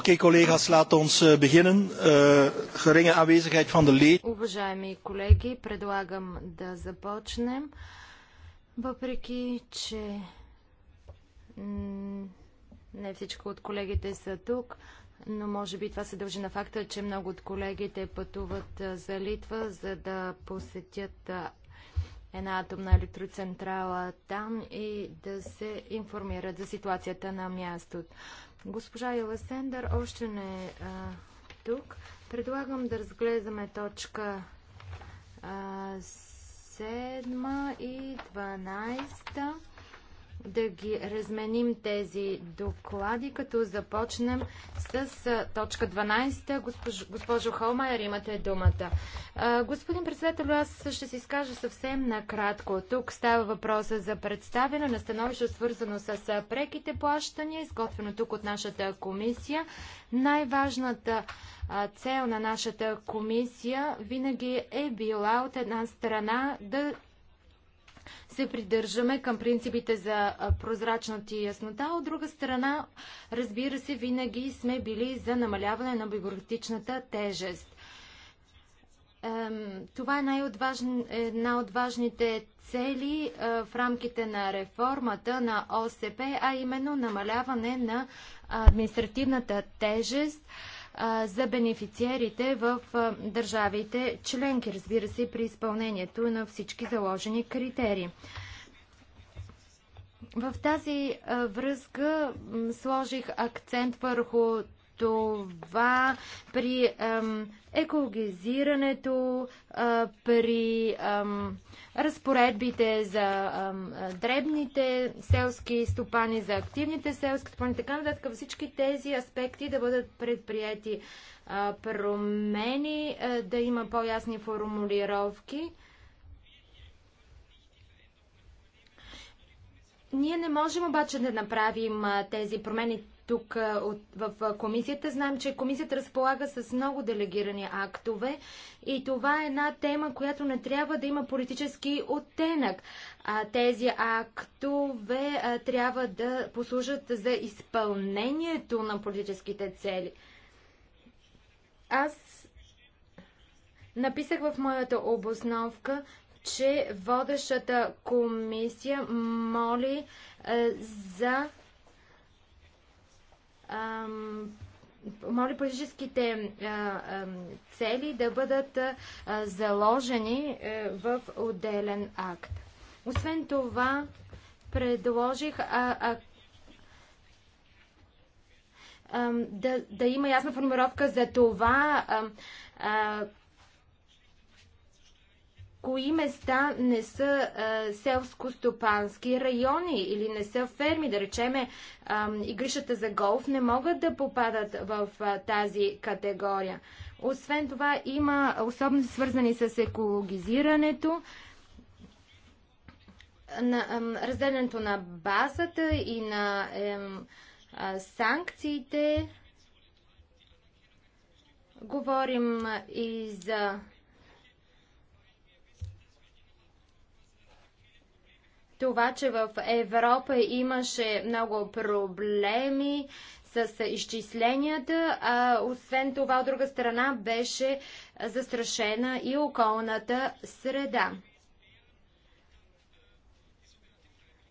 Eh, eh, Уважаеми колеги, предлагам да започнем. Въпреки, че не всичко от колегите са тук, но може би това се дължи на факта, че много от колегите пътуват за Литва, за да посетят една атомна електроцентрала там и да се информират за ситуацията на мястото. Госпожа Елесендър още не е а, тук. Предлагам да разгледаме точка а, 7 и 12 да ги разменим тези доклади, като започнем с точка 12. Госпожо, госпожо Холмайер, имате думата. Господин председател, аз ще се изкажа съвсем накратко. Тук става въпроса за представяне на становище, свързано с преките плащания, изготвено тук от нашата комисия. Най-важната цел на нашата комисия винаги е била от една страна да се придържаме към принципите за прозрачност и яснота. От друга страна, разбира се, винаги сме били за намаляване на бюрократичната тежест. Това е една от важните цели е, в рамките на реформата на ОСП, а именно намаляване на административната тежест – за бенефициерите в държавите членки, разбира се, при изпълнението на всички заложени критерии. В тази връзка сложих акцент върху това при ем, екологизирането, е, при ем, разпоредбите за ем, дребните селски стопани, за активните селски стопани, така нататък всички тези аспекти да бъдат предприяти е, промени, е, да има по-ясни формулировки. Ние не можем обаче да направим тези промени тук от, в комисията. Знаем, че комисията разполага с много делегирани актове и това е една тема, която не трябва да има политически оттенък. А, тези актове а, трябва да послужат за изпълнението на политическите цели. Аз написах в моята обосновка, че водещата комисия моли а, за моля политическите цели да бъдат заложени е, в отделен акт. Освен това, предложих а, а, да, да има ясна формировка за това а, а, кои места не са селско-стопански райони или не са ферми, да речеме игрищата за голф, не могат да попадат в а, тази категория. Освен това има особености свързани с екологизирането, на, а, разделянето на базата и на санкциите. Говорим и за това, че в Европа имаше много проблеми с изчисленията, а освен това, от друга страна, беше застрашена и околната среда.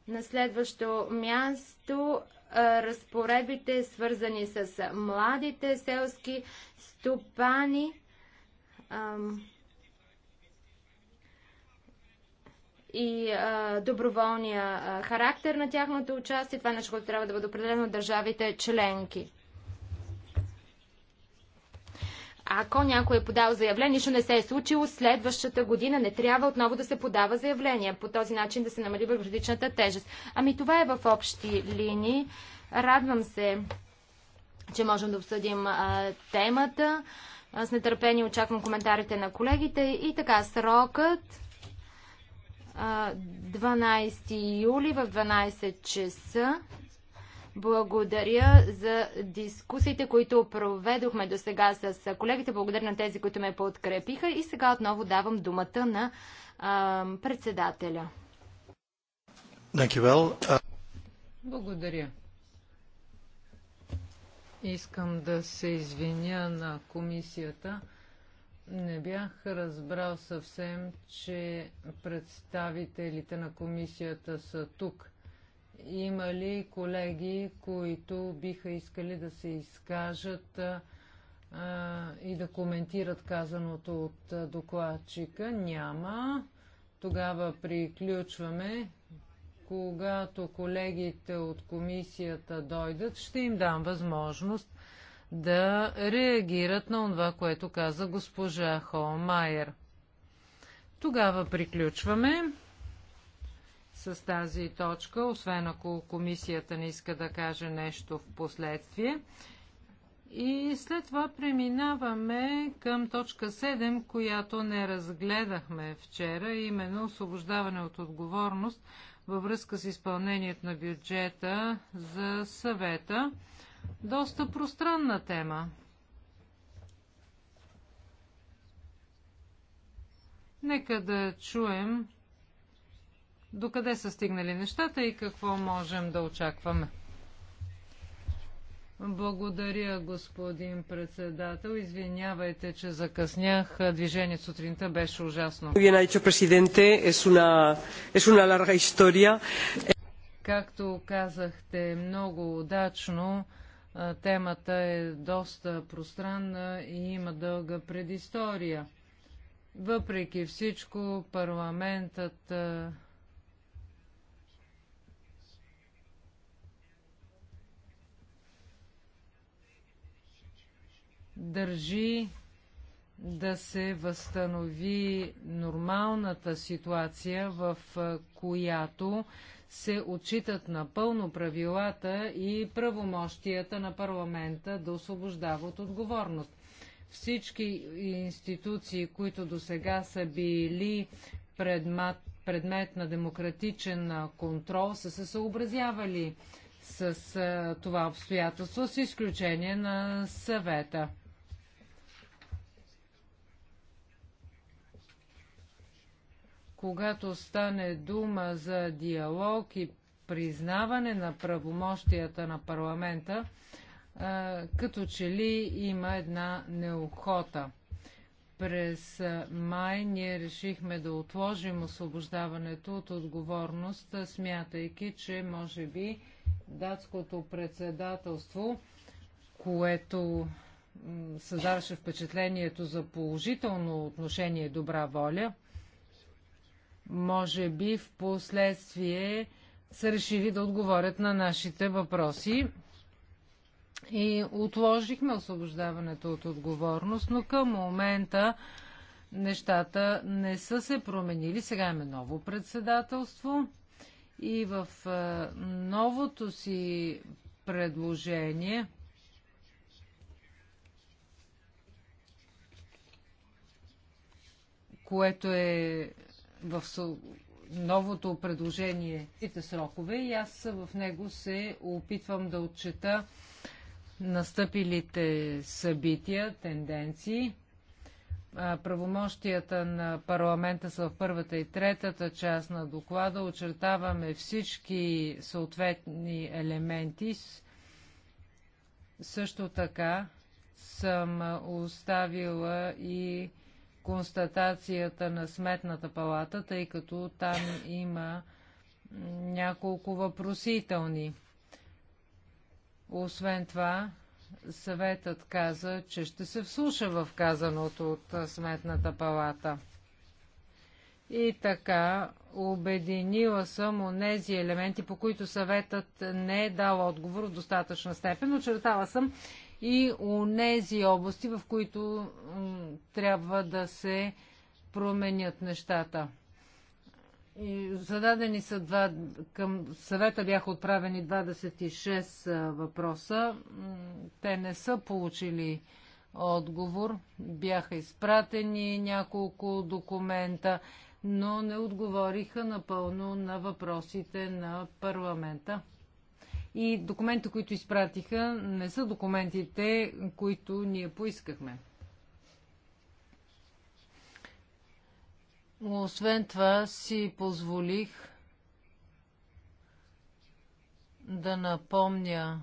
На следващо място разпоредбите, свързани с младите селски стопани. Ам и а, доброволния а, характер на тяхното участие. Това е нещо, което трябва да бъде определено от държавите членки. Ако някой е подал заявление, нищо не се е случило, следващата година не трябва отново да се подава заявление. По този начин да се намали бюрократичната тежест. Ами това е в общи линии. Радвам се, че можем да обсъдим а, темата. С нетърпение очаквам коментарите на колегите. И така, срокът 12 юли в 12 часа. Благодаря за дискусиите, които проведохме до сега с колегите. Благодаря на тези, които ме подкрепиха. И сега отново давам думата на а, председателя. Благодаря. Искам да се извиня на комисията не бях разбрал съвсем, че представителите на комисията са тук. Има ли колеги, които биха искали да се изкажат а, и да коментират казаното от докладчика? Няма. Тогава приключваме. Когато колегите от комисията дойдат, ще им дам възможност да реагират на това, което каза госпожа Холмайер. Тогава приключваме с тази точка, освен ако комисията не иска да каже нещо в последствие. И след това преминаваме към точка 7, която не разгледахме вчера, именно освобождаване от отговорност във връзка с изпълнението на бюджета за съвета доста пространна тема. Нека да чуем докъде са стигнали нещата и какво можем да очакваме. Благодаря, господин председател. Извинявайте, че закъснях. Движението сутринта беше ужасно. Както казахте, много удачно. Темата е доста пространна и има дълга предистория. Въпреки всичко, парламентът държи да се възстанови нормалната ситуация, в която се отчитат напълно правилата и правомощията на парламента да освобождава от отговорност. Всички институции, които до сега са били предмат, предмет на демократичен контрол, са се съобразявали с това обстоятелство, с изключение на съвета. когато стане дума за диалог и признаване на правомощията на парламента, като че ли има една неохота. През май ние решихме да отложим освобождаването от отговорност, смятайки, че може би датското председателство, което създаваше впечатлението за положително отношение и добра воля, може би в последствие са решили да отговорят на нашите въпроси. И отложихме освобождаването от отговорност, но към момента нещата не са се променили. Сега имаме ново председателство и в е, новото си предложение което е в новото предложение трите срокове и аз в него се опитвам да отчета настъпилите събития, тенденции. Правомощията на парламента са в първата и третата част на доклада. Очертаваме всички съответни елементи. Също така съм оставила и констатацията на Сметната палата, тъй като там има няколко въпросителни. Освен това, съветът каза, че ще се вслуша в казаното от Сметната палата. И така, обединила съм онези елементи, по които съветът не е дал отговор в достатъчна степен. Очертала съм и у нези области, в които трябва да се променят нещата. И зададени са два, към съвета бяха отправени 26 въпроса. Те не са получили отговор. Бяха изпратени няколко документа, но не отговориха напълно на въпросите на парламента. И документите, които изпратиха, не са документите, които ние поискахме. Освен това си позволих да напомня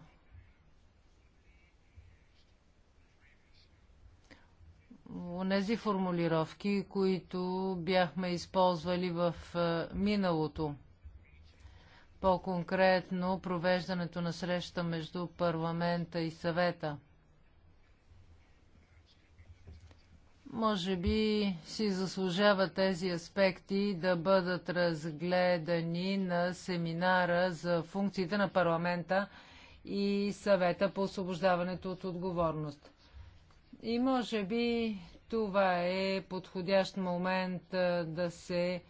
тези формулировки, които бяхме използвали в е, миналото по-конкретно провеждането на среща между парламента и съвета. Може би си заслужава тези аспекти да бъдат разгледани на семинара за функциите на парламента и съвета по освобождаването от отговорност. И може би това е подходящ момент да се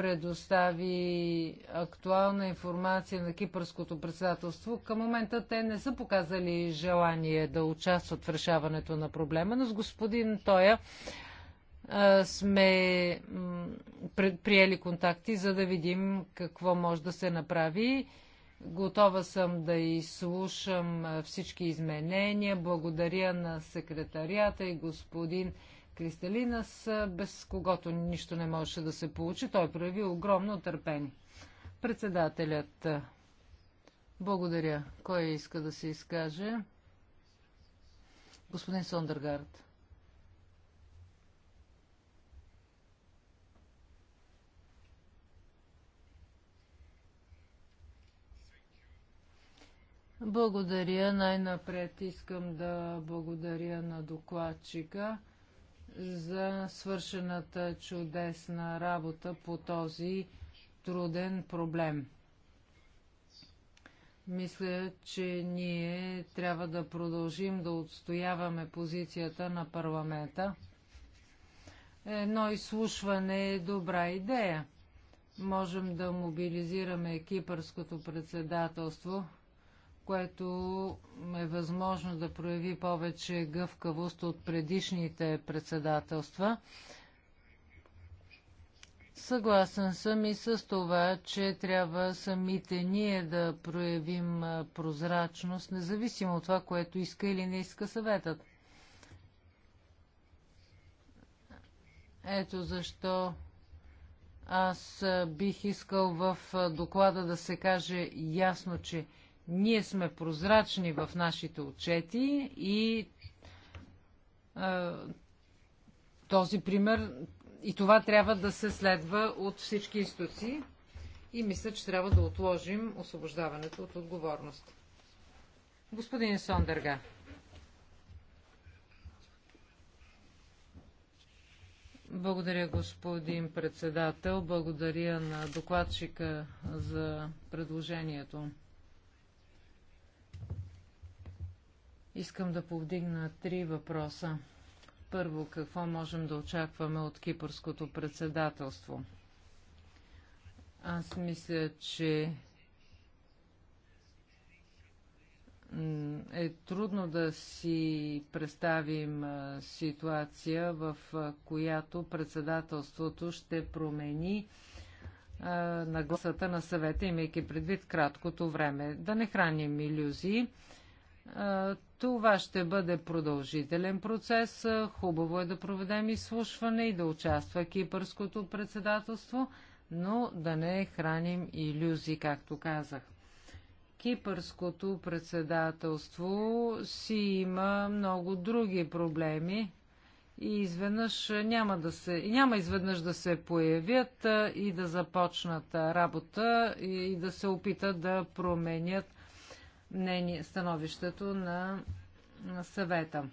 предостави актуална информация на кипърското председателство. Към момента те не са показали желание да участват в решаването на проблема, но с господин Тоя сме предприели контакти, за да видим какво може да се направи. Готова съм да изслушам всички изменения. Благодаря на секретарията и господин Кристалинас, без когото нищо не можеше да се получи. Той прояви огромно търпение. Председателят. Благодаря. Кой иска да се изкаже? Господин Сондергард. Благодаря. Най-напред искам да благодаря на докладчика за свършената чудесна работа по този труден проблем. Мисля, че ние трябва да продължим да отстояваме позицията на парламента. Едно изслушване е добра идея. Можем да мобилизираме кипърското председателство, което е възможно да прояви повече гъвкавост от предишните председателства. Съгласен съм и с това, че трябва самите ние да проявим прозрачност, независимо от това, което иска или не иска съветът. Ето защо аз бих искал в доклада да се каже ясно, че ние сме прозрачни в нашите отчети и а, този пример и това трябва да се следва от всички институции и мисля, че трябва да отложим освобождаването от отговорност. Господин Сондърга. Благодаря, господин председател. Благодаря на докладчика за предложението. Искам да повдигна три въпроса. Първо, какво можем да очакваме от кипърското председателство? Аз мисля, че е трудно да си представим ситуация, в която председателството ще промени нагласата на съвета, имайки предвид краткото време. Да не храним иллюзии. Това ще бъде продължителен процес. Хубаво е да проведем изслушване и да участва кипърското председателство, но да не храним иллюзии, както казах. Кипърското председателство си има много други проблеми и изведнъж няма, да се, няма изведнъж да се появят и да започнат работа и да се опитат да променят мнение, становището на съвета.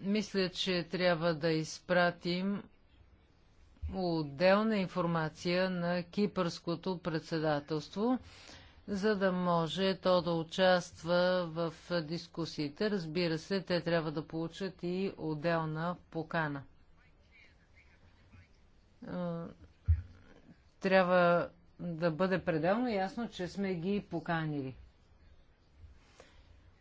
Мисля, че трябва да изпратим отделна информация на кипърското председателство, за да може то да участва в дискусиите. Разбира се, те трябва да получат и отделна покана е, трябва да бъде пределно ясно, че сме ги поканили.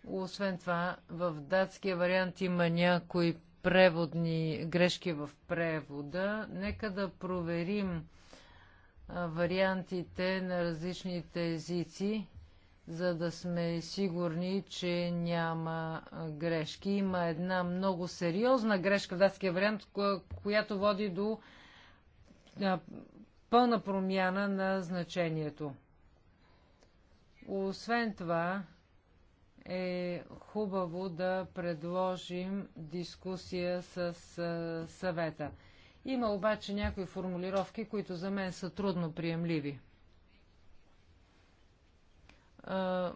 Освен това, в датския вариант има някои преводни грешки в превода. Нека да проверим вариантите на различните езици, за да сме сигурни, че няма грешки. Има една много сериозна грешка в датския вариант, която води до пълна промяна на значението. Освен това, е хубаво да предложим дискусия с съвета. Има обаче някои формулировки, които за мен са трудно приемливи. А,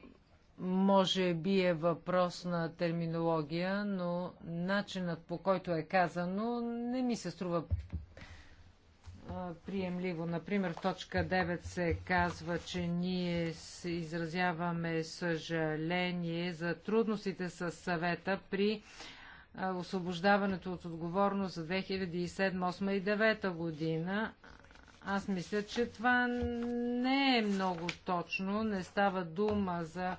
може би е въпрос на терминология, но начинът по който е казано не ми се струва приемливо. Например, в точка 9 се казва, че ние изразяваме съжаление за трудностите с съвета при освобождаването от отговорност за 2007, 2008 и 2009 година. Аз мисля, че това не е много точно. Не става дума за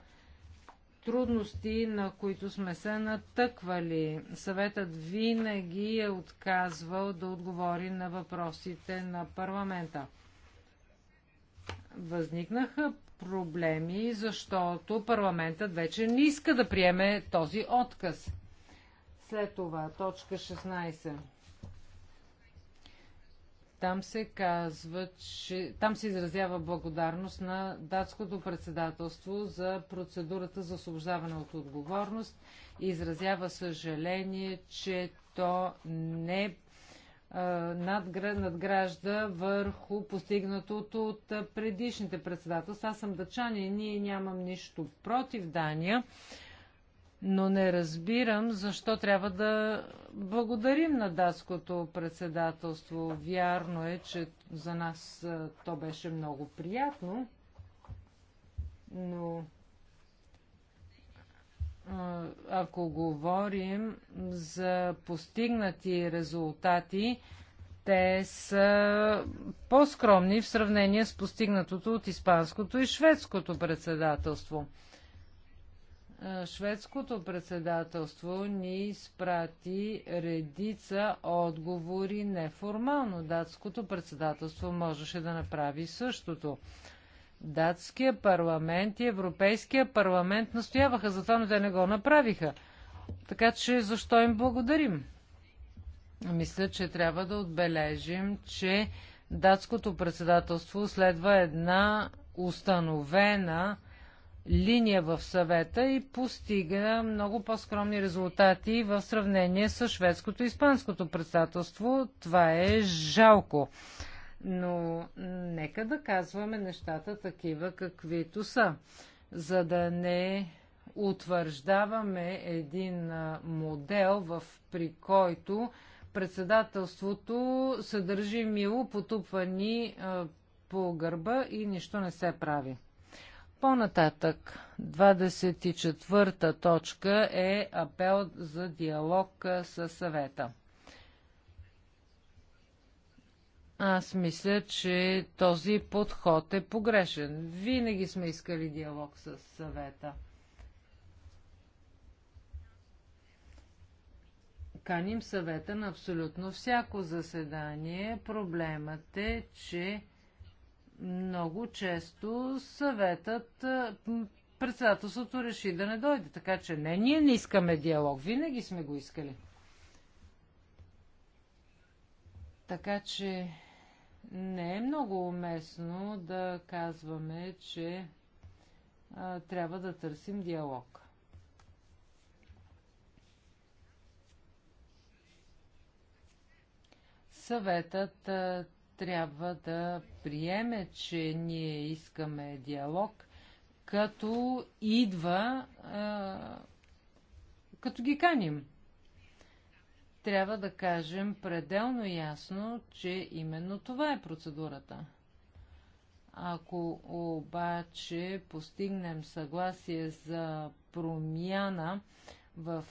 трудности, на които сме се натъквали. Съветът винаги е отказвал да отговори на въпросите на парламента. Възникнаха проблеми, защото парламентът вече не иска да приеме този отказ. След това, точка 16. Там се казва, че там се изразява благодарност на датското председателство за процедурата за освобождаване от отговорност и изразява съжаление, че то не надгражда върху постигнатото от предишните председателства. Аз съм дъчани и ние нямам нищо против Дания но не разбирам защо трябва да благодарим на датското председателство. Вярно е, че за нас то беше много приятно, но ако говорим за постигнати резултати, те са по-скромни в сравнение с постигнатото от испанското и шведското председателство. Шведското председателство ни изпрати редица отговори неформално. Датското председателство можеше да направи същото. Датския парламент и Европейския парламент настояваха за това, но те не го направиха. Така че защо им благодарим? Мисля, че трябва да отбележим, че датското председателство следва една установена линия в съвета и постига много по-скромни резултати в сравнение с шведското и испанското председателство. Това е жалко. Но нека да казваме нещата такива, каквито са, за да не утвърждаваме един модел, в, при който председателството се държи мило, потупвани по гърба и нищо не се прави. По-нататък, 24-та точка е апел за диалог със съвета. Аз мисля, че този подход е погрешен. Винаги сме искали диалог с съвета. Каним съвета на абсолютно всяко заседание. Проблемът е, че много често съветът, е, председателството реши да не дойде. Така че не, ние не искаме диалог. Винаги сме го искали. Така че не е много уместно да казваме, че а, е, трябва да търсим диалог. Съветът а, е, трябва да приеме, че ние искаме диалог, като идва, а, като ги каним. Трябва да кажем пределно ясно, че именно това е процедурата. Ако обаче постигнем съгласие за промяна, в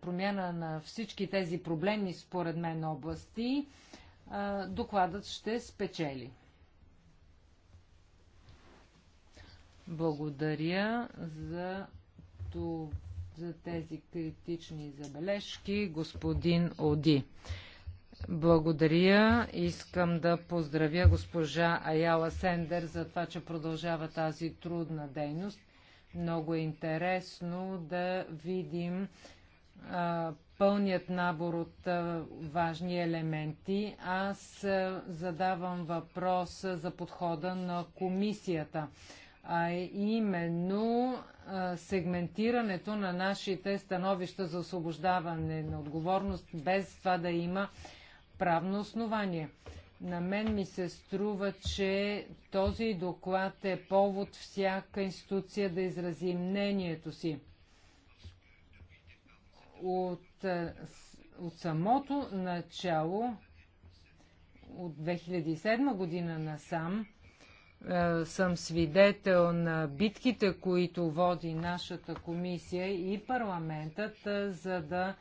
промяна на всички тези проблемни, според мен, области, докладът ще спечели. Благодаря за, за тези критични забележки, господин Оди. Благодаря. Искам да поздравя госпожа Аяла Сендер за това, че продължава тази трудна дейност. Много е интересно да видим а, пълният набор от а, важни елементи. Аз а, задавам въпрос за подхода на комисията, а именно а, сегментирането на нашите становища за освобождаване на отговорност, без това да има правно основание. На мен ми се струва, че този доклад е повод всяка институция да изрази мнението си. От от, самото начало, от 2007 година насам, съм свидетел на битките, които води нашата комисия и парламентът, за да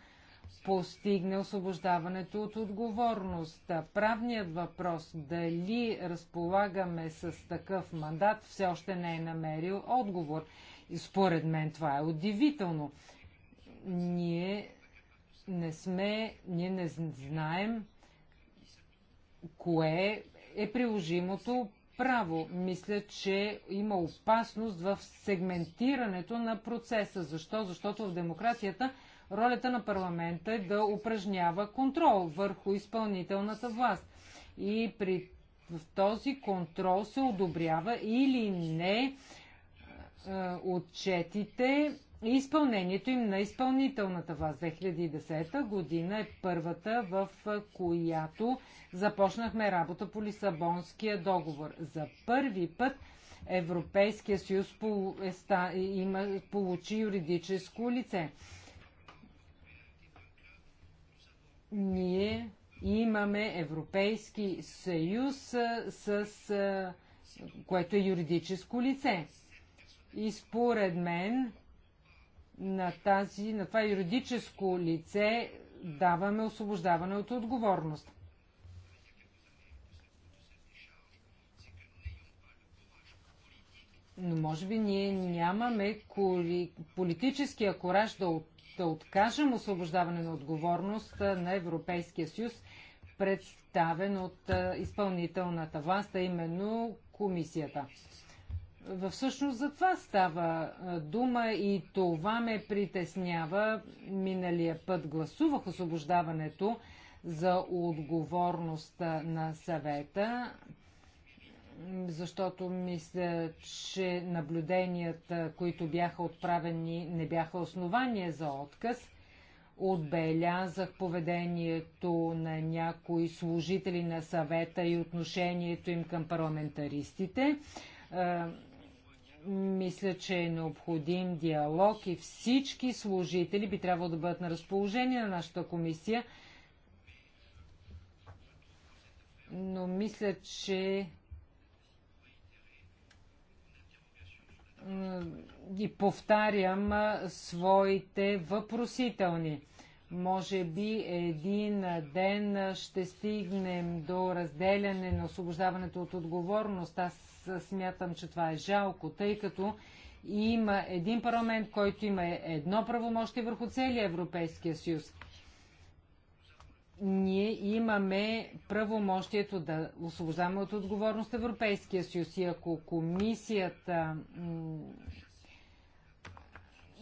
постигне освобождаването от отговорност. Правният въпрос дали разполагаме с такъв мандат все още не е намерил отговор. И според мен това е удивително. Ние не сме, ние не знаем кое е приложимото право. Мисля, че има опасност в сегментирането на процеса. Защо? Защото в демокрацията ролята на парламента е да упражнява контрол върху изпълнителната власт. И при в този контрол се одобрява или не отчетите и изпълнението им на изпълнителната власт. 2010 година е първата, в която започнахме работа по Лисабонския договор. За първи път Европейския съюз е е- получи юридическо лице. Ние имаме Европейски съюз, с, което е юридическо лице. И според мен на, тази, на това юридическо лице даваме освобождаване от отговорност. Но може би ние нямаме политическия кораж да, от, да откажем освобождаване на отговорност на Европейския съюз, представен от изпълнителната власт, а именно комисията. Всъщност за това става дума и това ме притеснява. Миналия път гласувах освобождаването за отговорността на съвета, защото мисля, че наблюденията, които бяха отправени, не бяха основания за отказ. Отбелязах поведението на някои служители на съвета и отношението им към парламентаристите мисля, че е необходим диалог и всички служители би трябвало да бъдат на разположение на нашата комисия. Но мисля, че и повтарям своите въпросителни. Може би един ден ще стигнем до разделяне на освобождаването от отговорност. Аз смятам, че това е жалко, тъй като има един парламент, който има едно правомощие върху целия Европейския съюз. Ние имаме правомощието да освобождаваме от отговорност Европейския съюз и ако комисията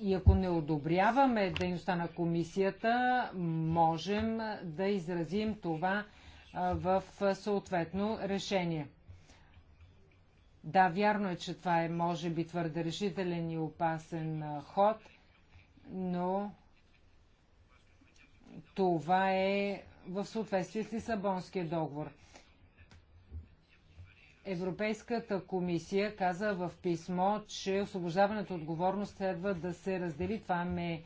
и ако не одобряваме дейността на комисията, можем да изразим това в съответно решение. Да, вярно е, че това е, може би, твърде решителен и опасен ход, но това е в съответствие с Лисабонския договор. Европейската комисия каза в писмо, че освобождаването от отговорност следва да се раздели. Това ме...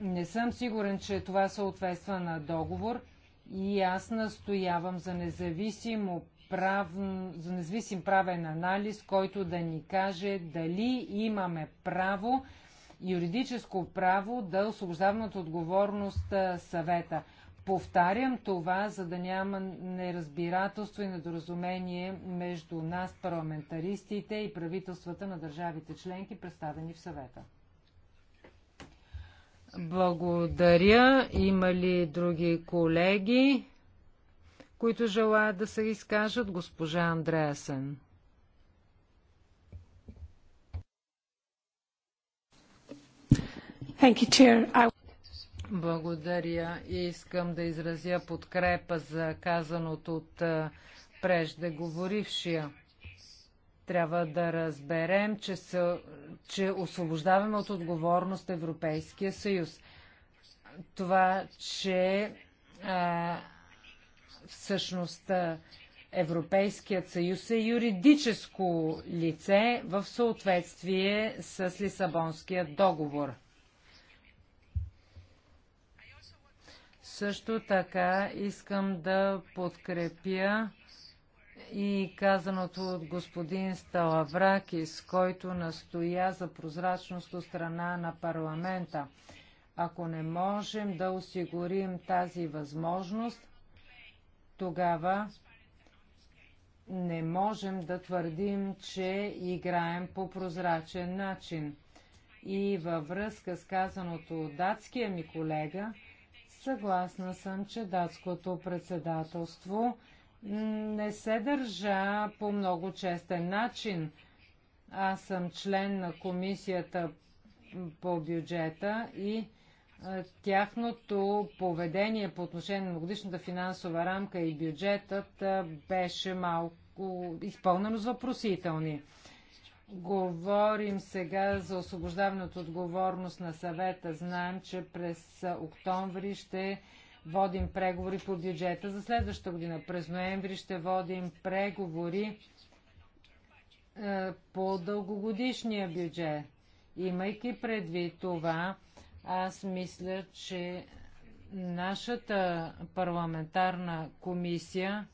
Не съм сигурен, че това съответства на договор и аз настоявам за независимо прав... за независим правен анализ, който да ни каже дали имаме право, юридическо право да освобождаваме от отговорност съвета. Повтарям това, за да няма неразбирателство и недоразумение между нас, парламентаристите и правителствата на държавите членки, представени в съвета. Благодаря. Има ли други колеги, които желаят да се изкажат? Госпожа Андреасен. You, I... Благодаря и искам да изразя подкрепа за казаното от преждеговорившия. Трябва да разберем, че, се, че освобождаваме от отговорност Европейския съюз. Това, че а, всъщност Европейският съюз е юридическо лице в съответствие с Лисабонския договор. Също така искам да подкрепя и казаното от господин Сталавракис, който настоя за прозрачност от страна на парламента. Ако не можем да осигурим тази възможност, тогава не можем да твърдим, че играем по прозрачен начин. И във връзка с казаното от датския ми колега, Съгласна съм, че датското председателство не се държа по много честен начин. Аз съм член на комисията по бюджета и е, тяхното поведение по отношение на годишната финансова рамка и бюджетът е, беше малко изпълнено с въпросителни. Говорим сега за освобождаване от отговорност на съвета. Знаем, че през октомври ще водим преговори по бюджета за следващата година. През ноември ще водим преговори е, по дългогодишния бюджет. Имайки предвид това, аз мисля, че нашата парламентарна комисия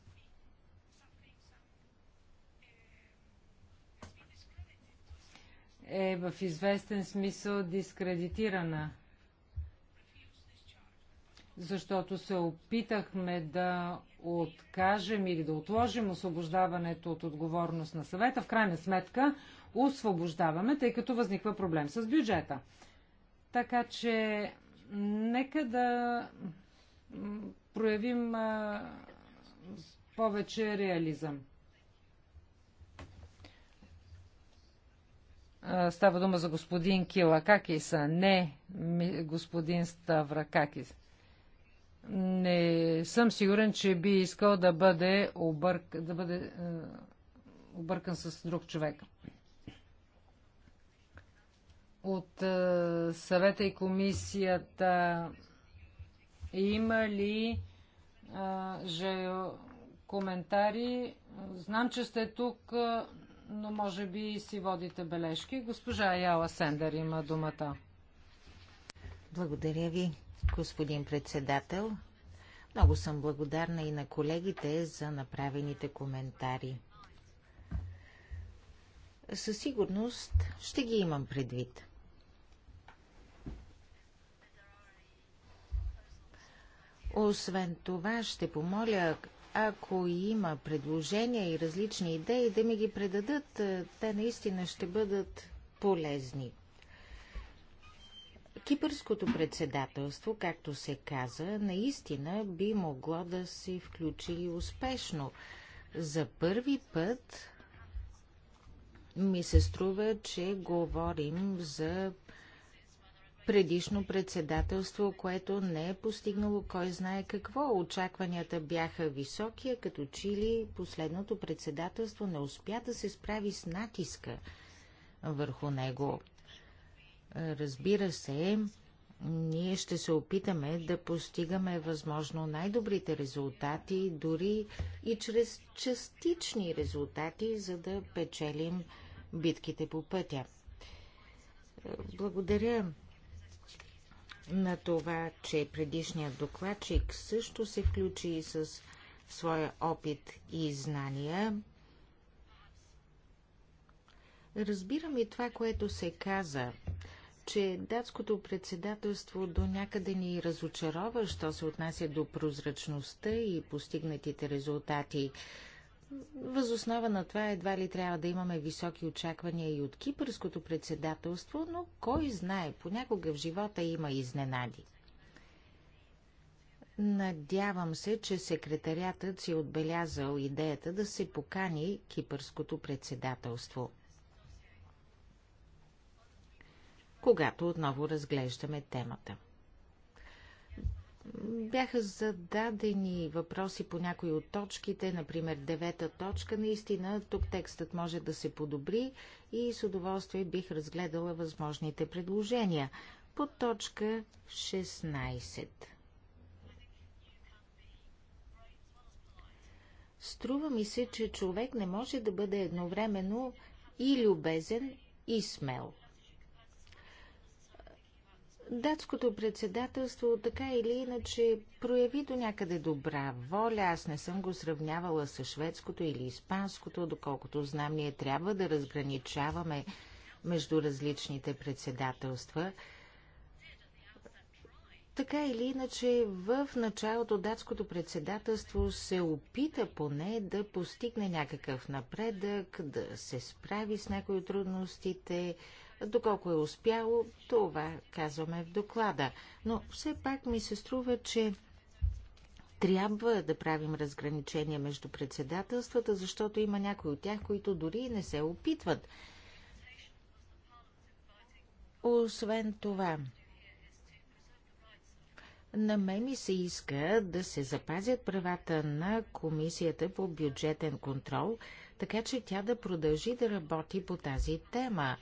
е в известен смисъл дискредитирана, защото се опитахме да откажем или да отложим освобождаването от отговорност на съвета. В крайна сметка освобождаваме, тъй като възниква проблем с бюджета. Така че нека да проявим повече реализъм. Става дума за господин Килакакис, а не господин Ставракакис. Не съм сигурен, че би искал да бъде, обърк, да бъде е, объркан с друг човек. От е, съвета и комисията има ли е, же, коментари? Знам, че сте тук. Е, но може би си водите бележки. Госпожа Яла Сендер има думата. Благодаря ви, господин председател. Много съм благодарна и на колегите за направените коментари. Със сигурност ще ги имам предвид. Освен това, ще помоля ако има предложения и различни идеи, да ми ги предадат. Е, те наистина ще бъдат полезни. Кипърското председателство, както се каза, наистина би могло да се включи успешно. За първи път ми се струва, че говорим за предишно председателство, което не е постигнало кой знае какво. Очакванията бяха високи, а като чили последното председателство не успя да се справи с натиска върху него. Разбира се, ние ще се опитаме да постигаме възможно най-добрите резултати, дори и чрез частични резултати, за да печелим битките по пътя. Благодаря на това, че предишният докладчик също се включи и с своя опит и знания. Разбирам и това, което се каза, че датското председателство до някъде ни разочарова, що се отнася до прозрачността и постигнатите резултати. Възоснова на това едва ли трябва да имаме високи очаквания и от кипърското председателство, но кой знае, понякога в живота има изненади. Надявам се, че секретарятът си е отбелязал идеята да се покани кипърското председателство. Когато отново разглеждаме темата. Бяха зададени въпроси по някои от точките, например девета точка. Наистина, тук текстът може да се подобри и с удоволствие бих разгледала възможните предложения. По точка 16. Струва ми се, че човек не може да бъде едновременно и любезен, и смел. Датското председателство така или иначе прояви до някъде добра воля. Аз не съм го сравнявала с шведското или испанското, доколкото знам, ние трябва да разграничаваме между различните председателства. Така или иначе, в началото датското председателство се опита поне да постигне някакъв напредък, да се справи с някои от трудностите, Доколко е успяло, това казваме в доклада. Но все пак ми се струва, че трябва да правим разграничения между председателствата, защото има някои от тях, които дори не се опитват. Освен това, на мен ми се иска да се запазят правата на Комисията по бюджетен контрол, така че тя да продължи да работи по тази тема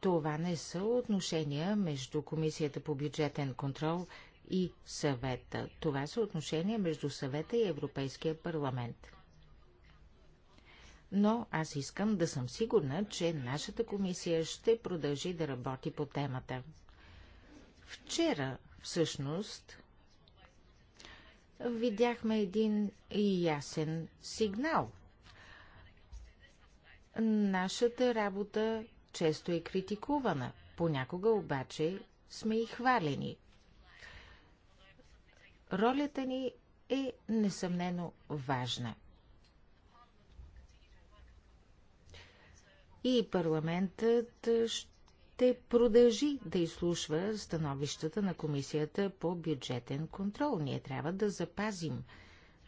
това не са отношения между Комисията по бюджетен контрол и съвета. Това са отношения между съвета и Европейския парламент. Но аз искам да съм сигурна, че нашата комисия ще продължи да работи по темата. Вчера, всъщност, видяхме един ясен сигнал. Нашата работа често е критикувана. Понякога обаче сме и хвалени. Ролята ни е несъмнено важна. И парламентът ще продължи да изслушва становищата на Комисията по бюджетен контрол. Ние трябва да запазим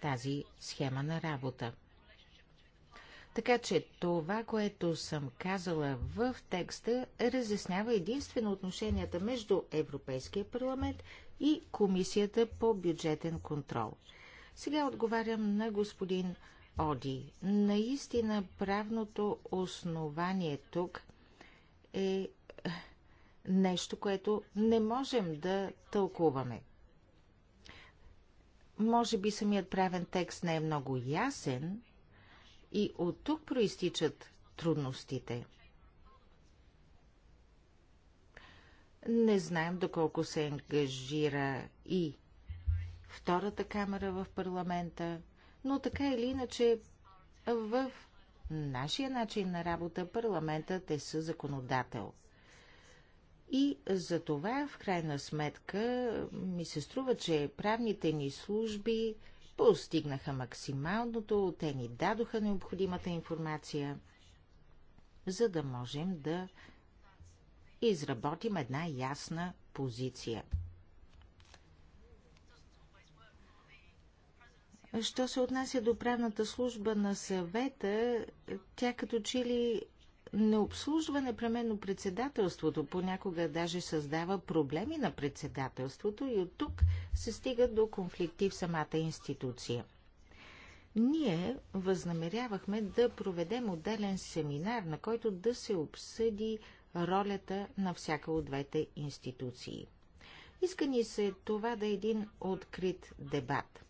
тази схема на работа. Така че това, което съм казала в текста, разяснява единствено отношенията между Европейския парламент и Комисията по бюджетен контрол. Сега отговарям на господин Оди. Наистина правното основание тук е, е нещо, което не можем да тълкуваме. Може би самият правен текст не е много ясен, и от тук проистичат трудностите. Не знаем доколко се ангажира и втората камера в парламента, но така или иначе в нашия начин на работа парламентът е със законодател. И за това, в крайна сметка, ми се струва, че правните ни служби постигнаха максималното, те ни дадоха необходимата информация, за да можем да изработим една ясна позиция. Що се отнася до правната служба на съвета, тя като че ли не обслужва непременно председателството, понякога даже създава проблеми на председателството и от тук се стига до конфликти в самата институция. Ние възнамерявахме да проведем отделен семинар, на който да се обсъди ролята на всяка от двете институции. Иска ни се това да е един открит дебат.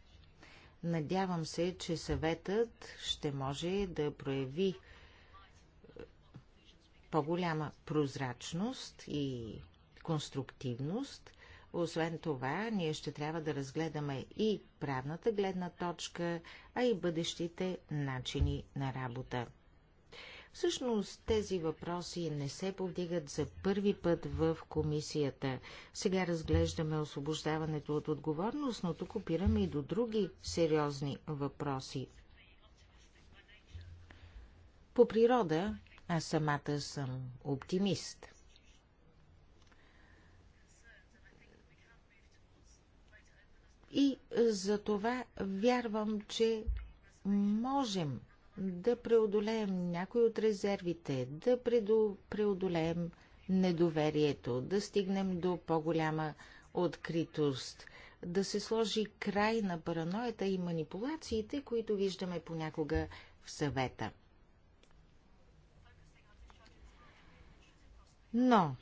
Надявам се, че съветът ще може да прояви по-голяма прозрачност и конструктивност. Освен това, ние ще трябва да разгледаме и правната гледна точка, а и бъдещите начини на работа. Всъщност тези въпроси не се повдигат за първи път в комисията. Сега разглеждаме освобождаването от отговорност, но тук опираме и до други сериозни въпроси. По природа аз самата съм оптимист. И за това вярвам, че можем да преодолеем някои от резервите, да преодолеем недоверието, да стигнем до по-голяма откритост, да се сложи край на параноята и манипулациите, които виждаме понякога в съвета. Но,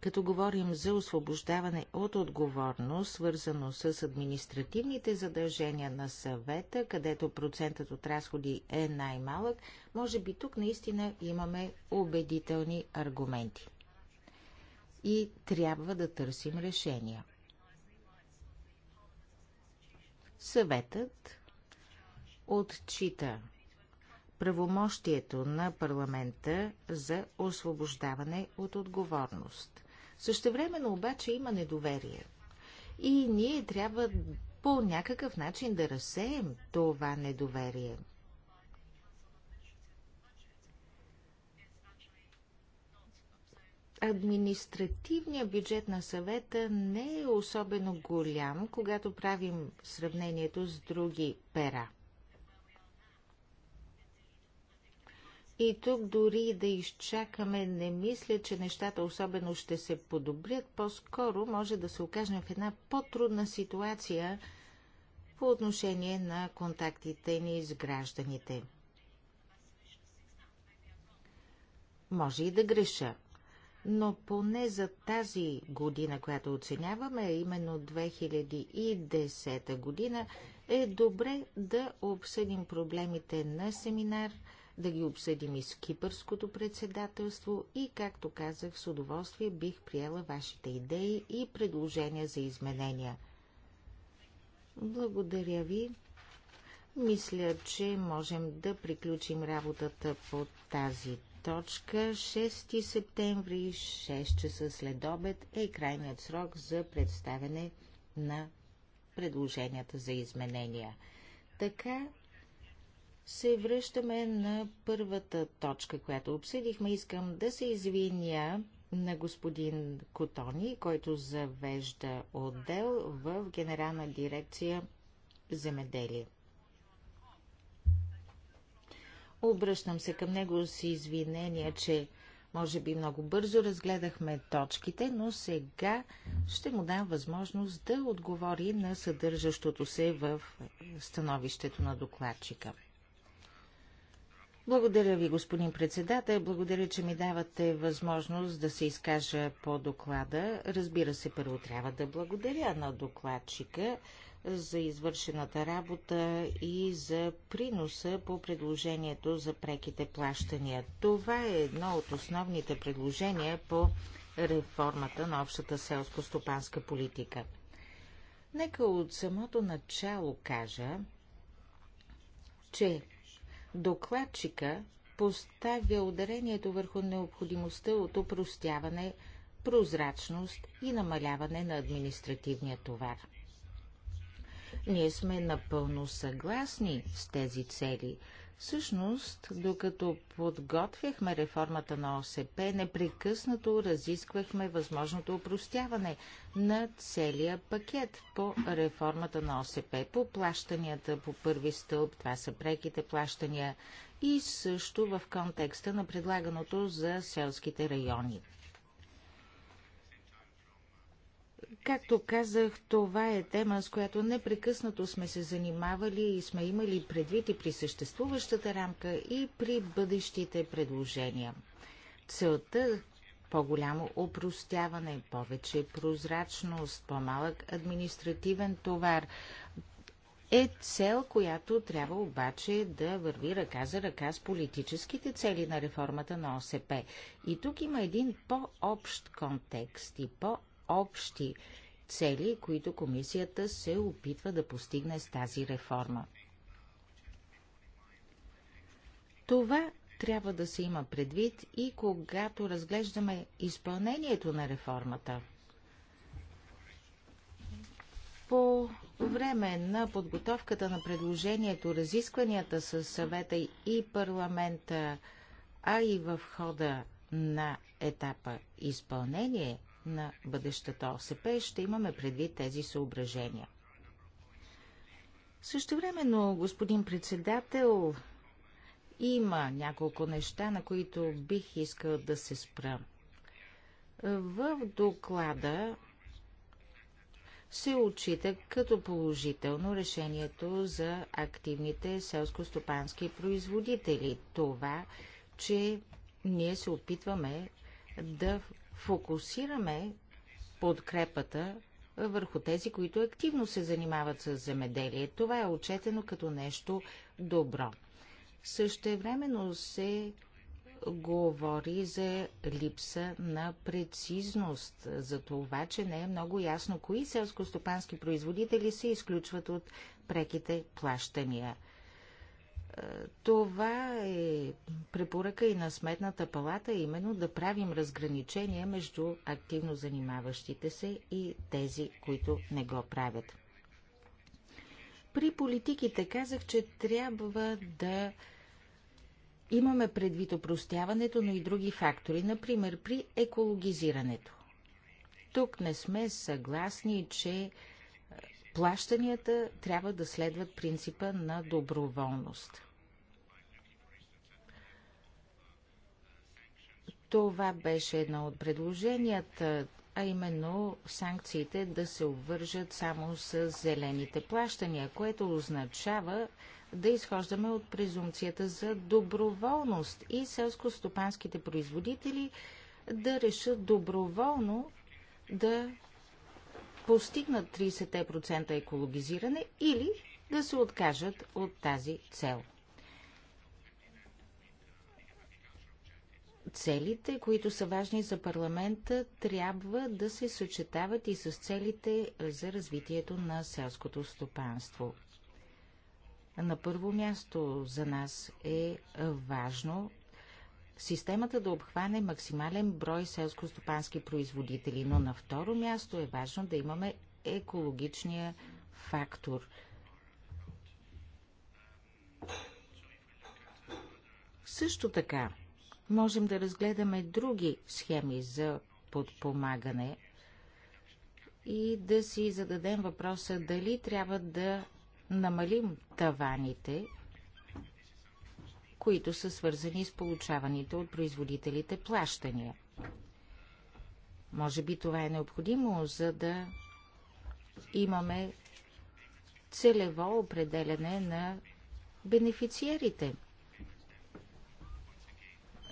като говорим за освобождаване от отговорност, свързано с административните задължения на съвета, където процентът от разходи е най-малък, може би тук наистина имаме убедителни аргументи. И трябва да търсим решения. Съветът отчита правомощието на парламента за освобождаване от отговорност. Същевременно обаче има недоверие. И ние трябва по някакъв начин да разсеем това недоверие. Административният бюджет на съвета не е особено голям, когато правим сравнението с други пера – И тук дори да изчакаме, не мисля, че нещата особено ще се подобрят. По-скоро може да се окажем в една по-трудна ситуация по отношение на контактите ни с гражданите. Може и да греша, но поне за тази година, която оценяваме, именно 2010 година, е добре да обсъдим проблемите на семинар – да ги обсъдим и с кипърското председателство и, както казах, с удоволствие бих приела вашите идеи и предложения за изменения. Благодаря ви. Мисля, че можем да приключим работата по тази точка. 6 септември, 6 часа след обед е крайният срок за представяне на предложенията за изменения. Така се връщаме на първата точка, която обсъдихме. Искам да се извиня на господин Котони, който завежда отдел в Генерална дирекция земеделие. Обръщам се към него с извинения, че може би много бързо разгледахме точките, но сега ще му дам възможност да отговори на съдържащото се в становището на докладчика. Благодаря ви, господин председател. Благодаря, че ми давате възможност да се изкажа по доклада. Разбира се, първо трябва да благодаря на докладчика за извършената работа и за приноса по предложението за преките плащания. Това е едно от основните предложения по реформата на общата селско-стопанска политика. Нека от самото начало кажа, че Докладчика поставя ударението върху необходимостта от упростяване, прозрачност и намаляване на административния товар. Ние сме напълно съгласни с тези цели – Всъщност, докато подготвяхме реформата на ОСП, непрекъснато разисквахме възможното упростяване на целия пакет по реформата на ОСП, по плащанията по първи стълб, това са преките плащания и също в контекста на предлаганото за селските райони. Както казах, това е тема, с която непрекъснато сме се занимавали и сме имали предвид и при съществуващата рамка, и при бъдещите предложения. Целта по-голямо опростяване, повече прозрачност, по-малък административен товар е цел, която трябва обаче да върви ръка за ръка с политическите цели на реформата на ОСП. И тук има един по-общ контекст и по общи цели, които комисията се опитва да постигне с тази реформа. Това трябва да се има предвид и когато разглеждаме изпълнението на реформата. По време на подготовката на предложението, разискванията с съвета и парламента, а и в хода на етапа изпълнение – на бъдещата ОСП, ще имаме предвид тези съображения. Също времено, господин председател, има няколко неща, на които бих искал да се спра. В доклада се отчита като положително решението за активните селскостопански производители. Това, че ние се опитваме да фокусираме подкрепата върху тези, които активно се занимават с земеделие. Това е отчетено като нещо добро. Същевременно се говори за липса на прецизност, за това, че не е много ясно кои селскостопански производители се изключват от преките плащания – е, това е препоръка и на Сметната палата, именно да правим разграничение между активно занимаващите се и тези, които не го правят. При политиките казах, че трябва да имаме предвид опростяването, но и други фактори, например при екологизирането. Тук не сме съгласни, че плащанията трябва да следват принципа на доброволност. Това беше едно от предложенията, а именно санкциите да се обвържат само с зелените плащания, което означава да изхождаме от презумцията за доброволност и селско-стопанските производители да решат доброволно да постигнат 30% екологизиране или да се откажат от тази цел. Целите, които са важни за парламента, трябва да се съчетават и с целите за развитието на селското стопанство. На първо място за нас е важно системата да обхване максимален брой селско-стопански производители, но на второ място е важно да имаме екологичния фактор. Също така, можем да разгледаме други схеми за подпомагане и да си зададем въпроса дали трябва да намалим таваните които са свързани с получаваните от производителите плащания. Може би това е необходимо, за да имаме целево определяне на бенефициерите.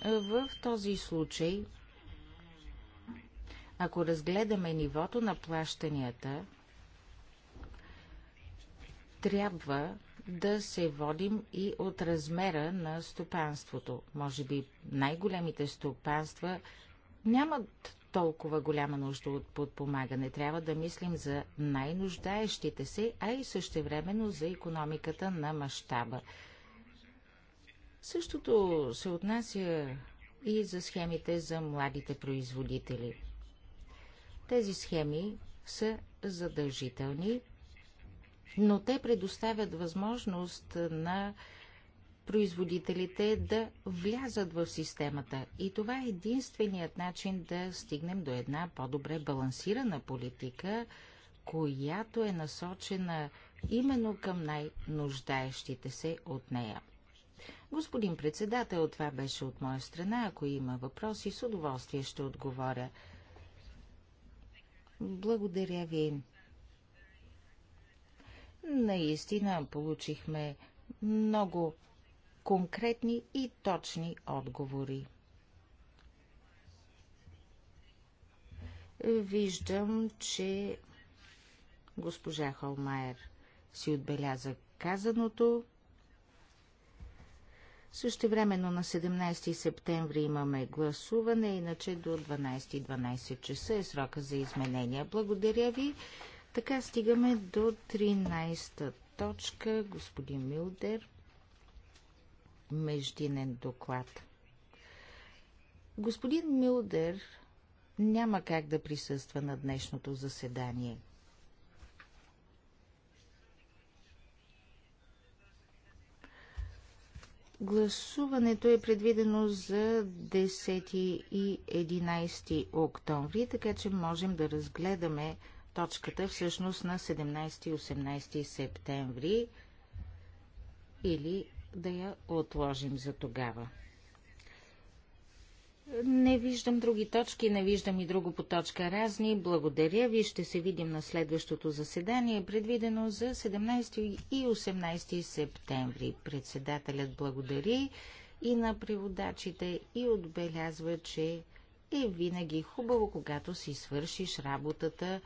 В този случай, ако разгледаме нивото на плащанията, трябва да се водим и от размера на стопанството. Може би най-големите стопанства нямат толкова голяма нужда от подпомагане. Трябва да мислим за най-нуждаещите се, а и същевременно за економиката на мащаба. Същото се отнася и за схемите за младите производители. Тези схеми са задължителни но те предоставят възможност на производителите да влязат в системата. И това е единственият начин да стигнем до една по-добре балансирана политика, която е насочена именно към най-нуждаещите се от нея. Господин председател, това беше от моя страна. Ако има въпроси, с удоволствие ще отговоря. Благодаря ви. Наистина получихме много конкретни и точни отговори. Виждам, че госпожа Холмайер си отбеляза казаното. Също времено на 17 септември имаме гласуване, иначе до 12.12 .12 часа е срока за изменения. Благодаря ви. Така стигаме до 13-та точка, господин Милдер, междинен доклад. Господин Милдер няма как да присъства на днешното заседание. Гласуването е предвидено за 10 и 11 октомври, така че можем да разгледаме точката всъщност на 17 и 18 септември или да я отложим за тогава. Не виждам други точки, не виждам и друго по точка разни. Благодаря ви, ще се видим на следващото заседание, предвидено за 17 и 18 септември. Председателят благодари и на преводачите и отбелязва, че е винаги хубаво, когато си свършиш работата